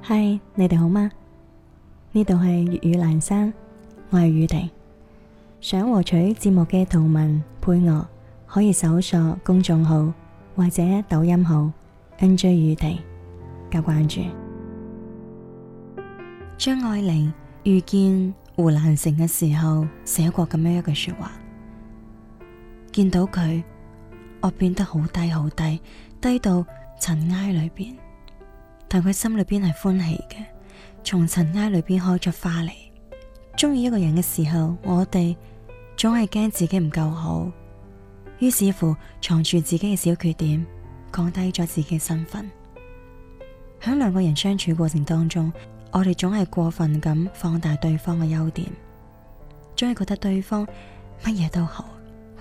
嗨，Hi, 你哋好嗎？呢度係粵語闌珊，我係宇婷。想獲取節目嘅圖文配樂，可以搜索公眾號或者抖音號 NJ 宇婷加關注。張愛玲遇見胡蘭成嘅時候，寫過咁樣一句說話：見到佢，我變得好低，好低，低到塵埃裏邊。但佢心裏邊係歡喜嘅，從塵埃裏邊開出花嚟。中意一個人嘅時候，我哋總係驚自己唔夠好，於是乎藏住自己嘅小缺點，降低咗自己嘅身份。響兩個人相處過程當中，我哋總係過分咁放大對方嘅優點，總係覺得對方乜嘢都好，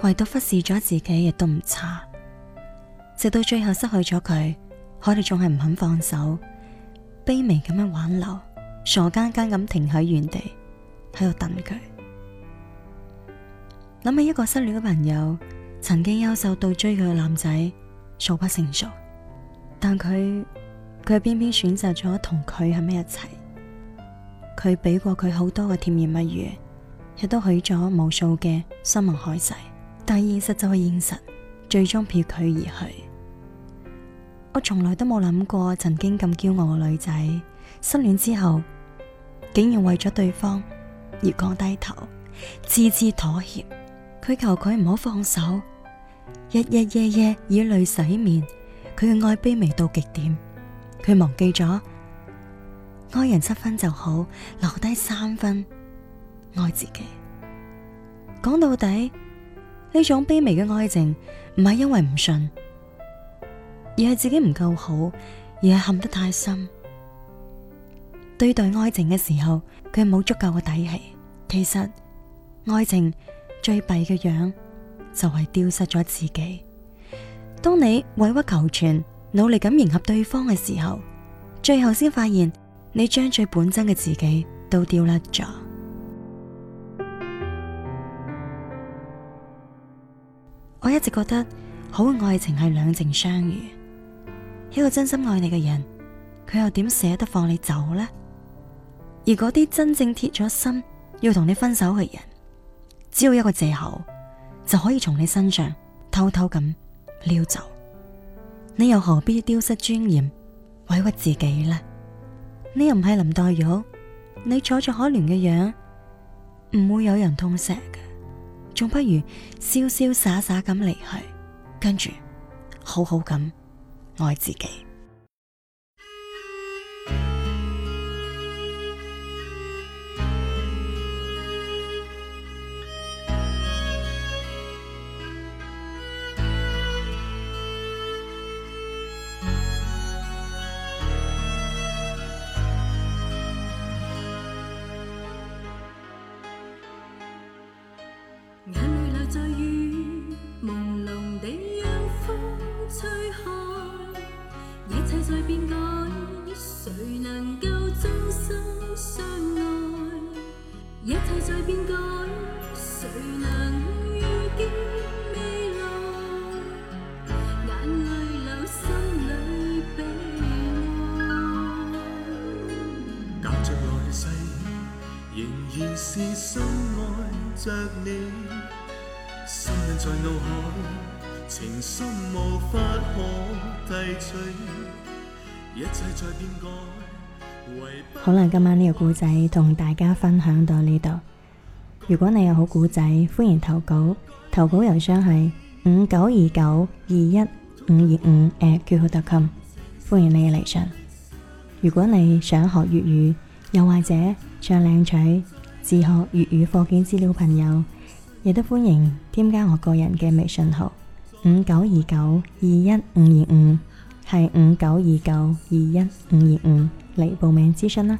唯獨忽視咗自己亦都唔差，直到最後失去咗佢。我哋仲係唔肯放手，卑微咁樣挽留，傻更更咁停喺原地，喺度等佢。諗起一個失戀嘅朋友，曾經優秀到追佢嘅男仔數不勝數，但佢佢偏偏選擇咗同佢喺埋一齊。佢畀過佢好多嘅甜言蜜語，亦都許咗無數嘅山盟海誓，但現實就係現實，最終撇佢而去。我從來都冇諗過，曾經咁驕傲嘅女仔失戀之後，竟然為咗對方而降低頭，次次妥協，佢求佢唔好放手，日日夜夜以淚洗面，佢嘅愛卑微到極點，佢忘記咗愛人七分就好，留低三分愛自己。講到底，呢種卑微嘅愛情唔係因為唔信。而係自己唔夠好，而係陷得太深，對待愛情嘅時候，佢冇足夠嘅底氣。其實愛情最弊嘅樣就係丟失咗自己。當你委屈求全，努力咁迎合對方嘅時候，最後先發現你將最本真嘅自己都丟甩咗。我一直覺得好嘅愛情係兩情相悅。一個真心愛你嘅人，佢又點捨得放你走呢？而嗰啲真正鐵咗心要同你分手嘅人，只要一個借口就可以從你身上偷偷咁溜走。你又何必丟失尊嚴，委屈自己呢？你又唔係林黛玉，你坐住可憐嘅樣，唔會有人痛錫嘅，仲不如瀟瀟灑灑咁離去，跟住好好咁。愛自己。深愛着你，深印在腦海，情深無法可替取，一切在變改。好啦，今晚呢個故仔同大家分享到呢度。如果你有好故仔，歡迎投稿，投稿郵箱係五九二九二一五二五 @qq.com，歡迎你嚟信。如果你想學粵語，又或者唱靚取。自學粵語課件資料朋友，亦都歡迎添加我個人嘅微信號五九二九二一五二五，係五九二九二一五二五嚟報名諮詢啦。